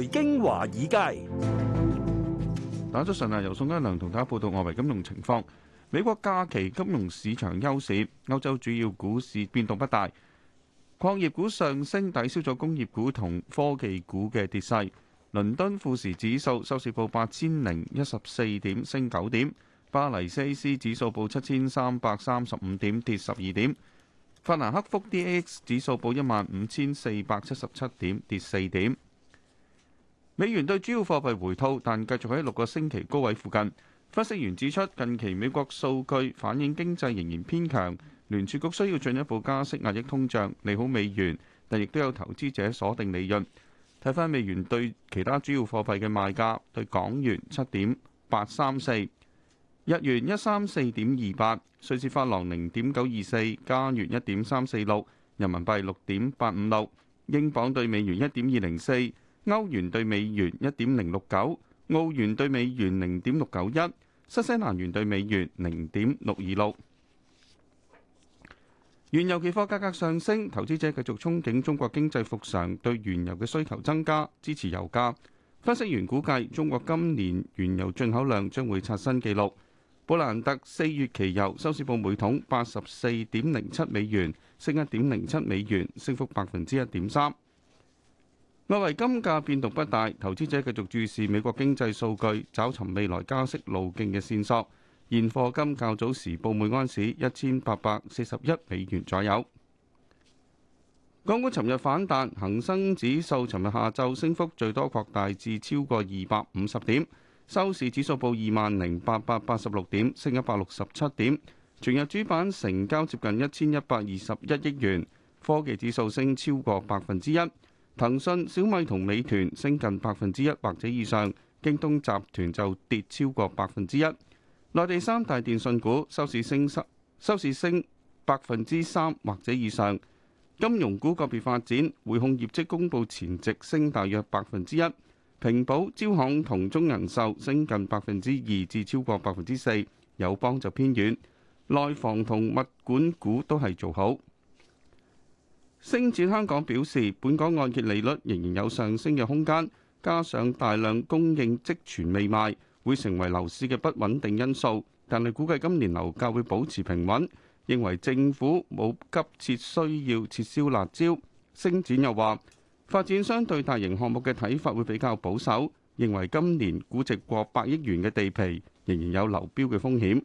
《財經華爾街》，打咗陣啊！由宋家良同大家報道外圍金融情況。美國假期金融市場休市，歐洲主要股市變動不大，礦業股上升抵消咗工業股同科技股嘅跌勢。倫敦富時指數收市報八千零一十四點，升九點；巴黎 CAC 指數報七千三百三十五點，跌十二點；法蘭克福 DAX 指數報一萬五千四百七十七點，跌四點。美元對主要貨幣回吐，但繼續喺六個星期高位附近。分析員指出，近期美國數據反映經濟仍然偏強，聯儲局需要進一步加息壓抑通脹，利好美元，但亦都有投資者鎖定利潤。睇翻美元對其他主要貨幣嘅賣價，對港元七點八三四，日元一三四點二八，瑞士法郎零點九二四，加元一點三四六，人民幣六點八五六，英鎊對美元一點二零四。歐元兌美元一點零六九，澳元兌美元零點六九一，新西蘭元兌美元零點六二六。原油期貨價格上升，投資者繼續憧憬中國經濟復常，對原油嘅需求增加，支持油價。分析員估計，中國今年原油進口量將會刷新紀錄。布蘭特四月期油收市報每桶八十四點零七美元，升一點零七美元，升幅百分之一點三。外圍金價變動不大，投資者繼續注視美國經濟數據，找尋未來加息路徑嘅線索。現貨金較早時報每安士一千八百四十一美元左右。港股尋日反彈，恒生指數尋日下晝升幅最多擴大至超過二百五十點，收市指數報二萬零八百八十六點，升一百六十七點。全日主板成交接近一千一百二十一億元，科技指數升超過百分之一。騰訊、小米同美團升近百分之一或者以上，京東集團就跌超過百分之一。內地三大電訊股收市升收市升百分之三或者以上。金融股個別發展，匯控業績公布前值升大約百分之一。平保、招行同中銀壽升近百分之二至超過百分之四，友邦就偏軟。內房同物管股都係做好。星展香港表示，本港按揭利率仍然有上升嘅空間，加上大量供應積存未賣，會成為樓市嘅不穩定因素。但係估計今年樓價會保持平穩，認為政府冇急切需要撤銷辣招。星展又話，發展商對大型項目嘅睇法會比較保守，認為今年估值過百億元嘅地皮仍然有流標嘅風險。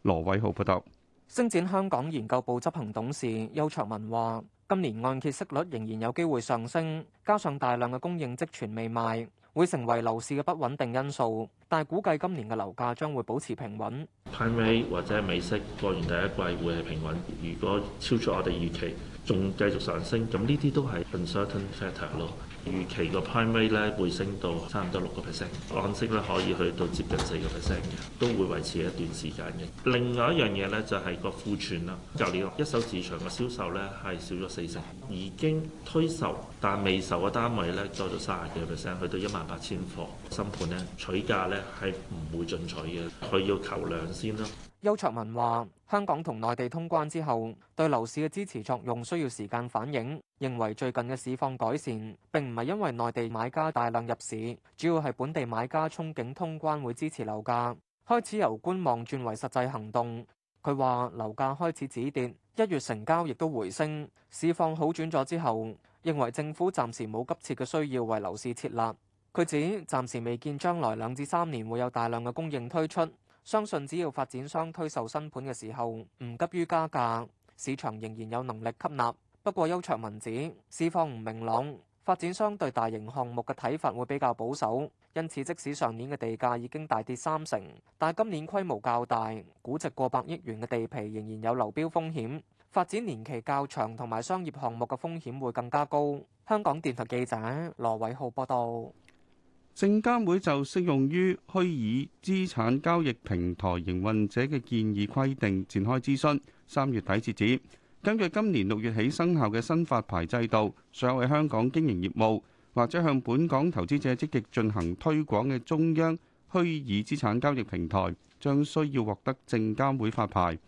羅偉浩報導。星展香港研究部執行董事邱卓文話。今年按揭息率仍然有機會上升，加上大量嘅供應積存未賣，會成為樓市嘅不穩定因素。但係估計今年嘅樓價將會保持平穩。派尾或者係美息過完第一季會係平穩。如果超出我哋預期，仲繼續上升，咁呢啲都係 uncertain factor 咯。預期個 prime rate 咧，會升到差唔多六個 percent，按息咧可以去到接近四個 percent，嘅，都會維持一段時間嘅。另外一樣嘢咧就係、是、個庫存啦。舊年一手市場嘅銷售咧係少咗四成，已經推售但未售嘅單位咧多咗三十幾個 percent，去到一萬八千個貨。新盤咧取價咧係唔會進取嘅，佢要求量先啦。邱卓文話：香港同內地通關之後，對樓市嘅支持作用需要時間反映。認為最近嘅市況改善，並唔係因為內地買家大量入市，主要係本地買家憧憬通關會支持樓價，開始由觀望轉為實際行動。佢話樓價開始止跌，一月成交亦都回升，市況好轉咗之後，認為政府暫時冇急切嘅需要為樓市設立。佢指暫時未見將來兩至三年會有大量嘅供應推出。相信只要發展商推售新盤嘅時候唔急於加價，市場仍然有能力吸納。不過邱卓文指，市況唔明朗，發展商對大型項目嘅睇法會比較保守。因此，即使上年嘅地價已經大跌三成，但今年規模較大、估值過百億元嘅地皮仍然有流標風險。發展年期較長同埋商業項目嘅風險會更加高。香港電台記者羅偉浩報道。證監會就適用於虛擬資產交易平台營運者嘅建議規定展開諮詢，三月底截止。根據今年六月起生效嘅新發牌制度，所有喺香港經營業務或者向本港投資者積極進行推廣嘅中央虛擬資產交易平台，將需要獲得證監會發牌。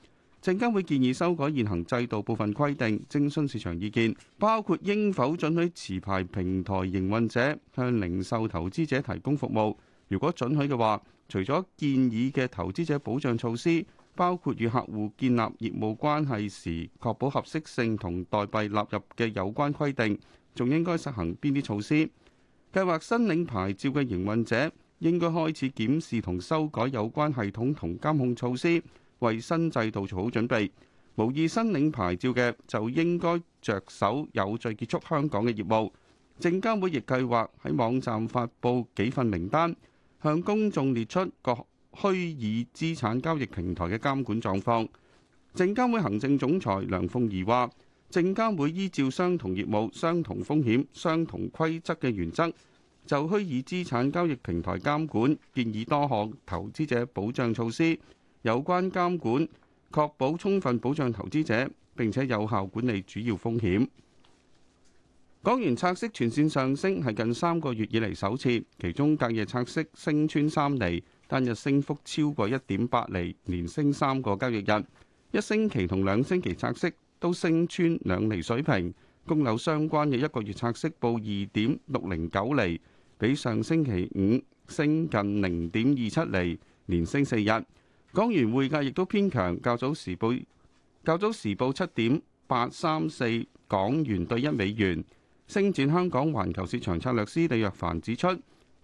證監會建議修改現行制度部分規定，徵詢市場意見，包括應否准許持牌平台營運者向零售投資者提供服務。如果准許嘅話，除咗建議嘅投資者保障措施，包括與客戶建立業務關係時確保合適性同代幣納入嘅有關規定，仲應該實行邊啲措施？計劃申領牌照嘅營運者應該開始檢視同修改有關系統同監控措施。為新制度做好準備，無意申領牌照嘅就應該着手有序結束香港嘅業務。證監會亦計劃喺網站發布幾份名單，向公眾列出各虛擬資產交易平台嘅監管狀況。證監會行政總裁梁鳳儀話，證監會依照相同業務、相同風險、相同規則嘅原則，就虛擬資產交易平台監管，建議多項投資者保障措施。有關監管確保充分保障投資者，並且有效管理主要風險。港元拆息全線上升，係近三個月以嚟首次。其中隔夜拆息升穿三厘，單日升幅超過一點八厘，連升三個交易日。一星期同兩星期拆息都升穿兩厘水平，供樓相關嘅一個月拆息報二點六零九厘，比上星期五升近零點二七厘，連升四日。港元匯價亦都偏強，較早時報較早時報七點八三四港元對一美元。星展香港環球市場策略師李若凡指出，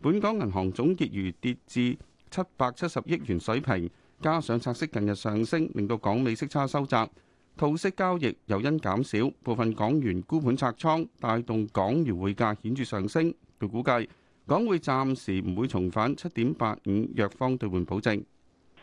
本港銀行總結餘跌至七百七十億元水平，加上拆息近日上升，令到港美息差收窄，套息交易又因減少，部分港元沽盤拆倉，帶動港元匯價顯著上升。據估計港匯暫時唔會重返七點八五，弱方兌換保證。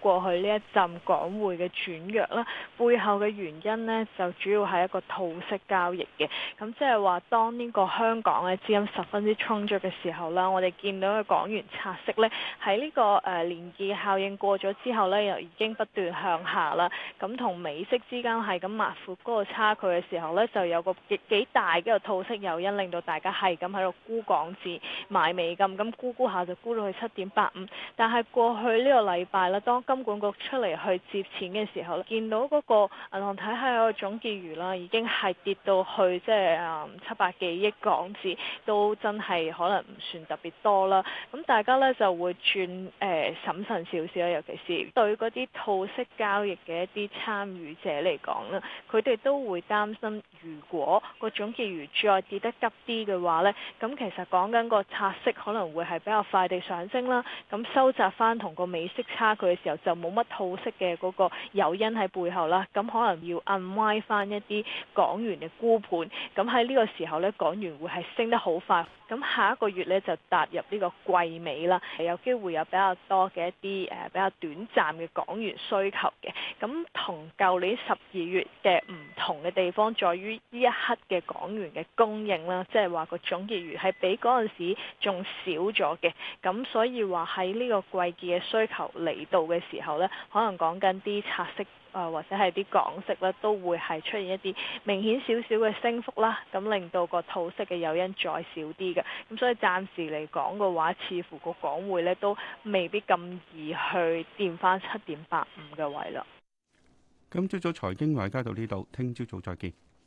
過去呢一陣港匯嘅轉弱啦，背後嘅原因呢就主要係一個套息交易嘅。咁即係話，當呢個香港嘅資金十分之充足嘅時候啦，我哋見到嘅港元拆息呢喺呢個誒連結效應過咗之後呢，又已經不斷向下啦。咁同美息之間係咁壓闊嗰個差距嘅時候呢，就有個幾幾大嘅套息誘因，令到大家係咁喺度沽港紙買美金，咁沽沽下就沽到去七點八五。但係過去呢個禮拜啦，當金管局出嚟去接錢嘅時候咧，見到嗰個銀行體系個總結餘啦，已經係跌到去即係誒七百幾億港紙都真係可能唔算特別多啦。咁、嗯、大家咧就會轉誒審慎少少，尤其是對嗰啲套息交易嘅一啲參與者嚟講啦，佢哋都會擔心，如果個總結餘再跌得急啲嘅話咧，咁、嗯、其實講緊個拆息可能會係比較快地上升啦，咁、嗯、收窄翻，同個美息差距嘅時候，就冇乜套式嘅嗰個誘因喺背後啦，咁可能要 unwind 翻一啲港元嘅沽盤，咁喺呢個時候咧，港元會係升得好快，咁下一個月咧就踏入呢個季尾啦，係有機會有比較多嘅一啲誒、呃、比較短暫嘅港元需求嘅，咁同舊年十二月嘅唔。同嘅地方在於呢一刻嘅港元嘅供應啦，即係話個總結餘係比嗰陣時仲少咗嘅，咁所以話喺呢個季節嘅需求嚟到嘅時候呢，可能講緊啲拆息啊，或者係啲港色呢，都會係出現一啲明顯少少嘅升幅啦，咁令到個套息嘅誘因再少啲嘅，咁所以暫時嚟講嘅話，似乎個港匯呢都未必咁易去掂翻七點八五嘅位啦。今朝早財經華爾街到呢度，聽朝早再見。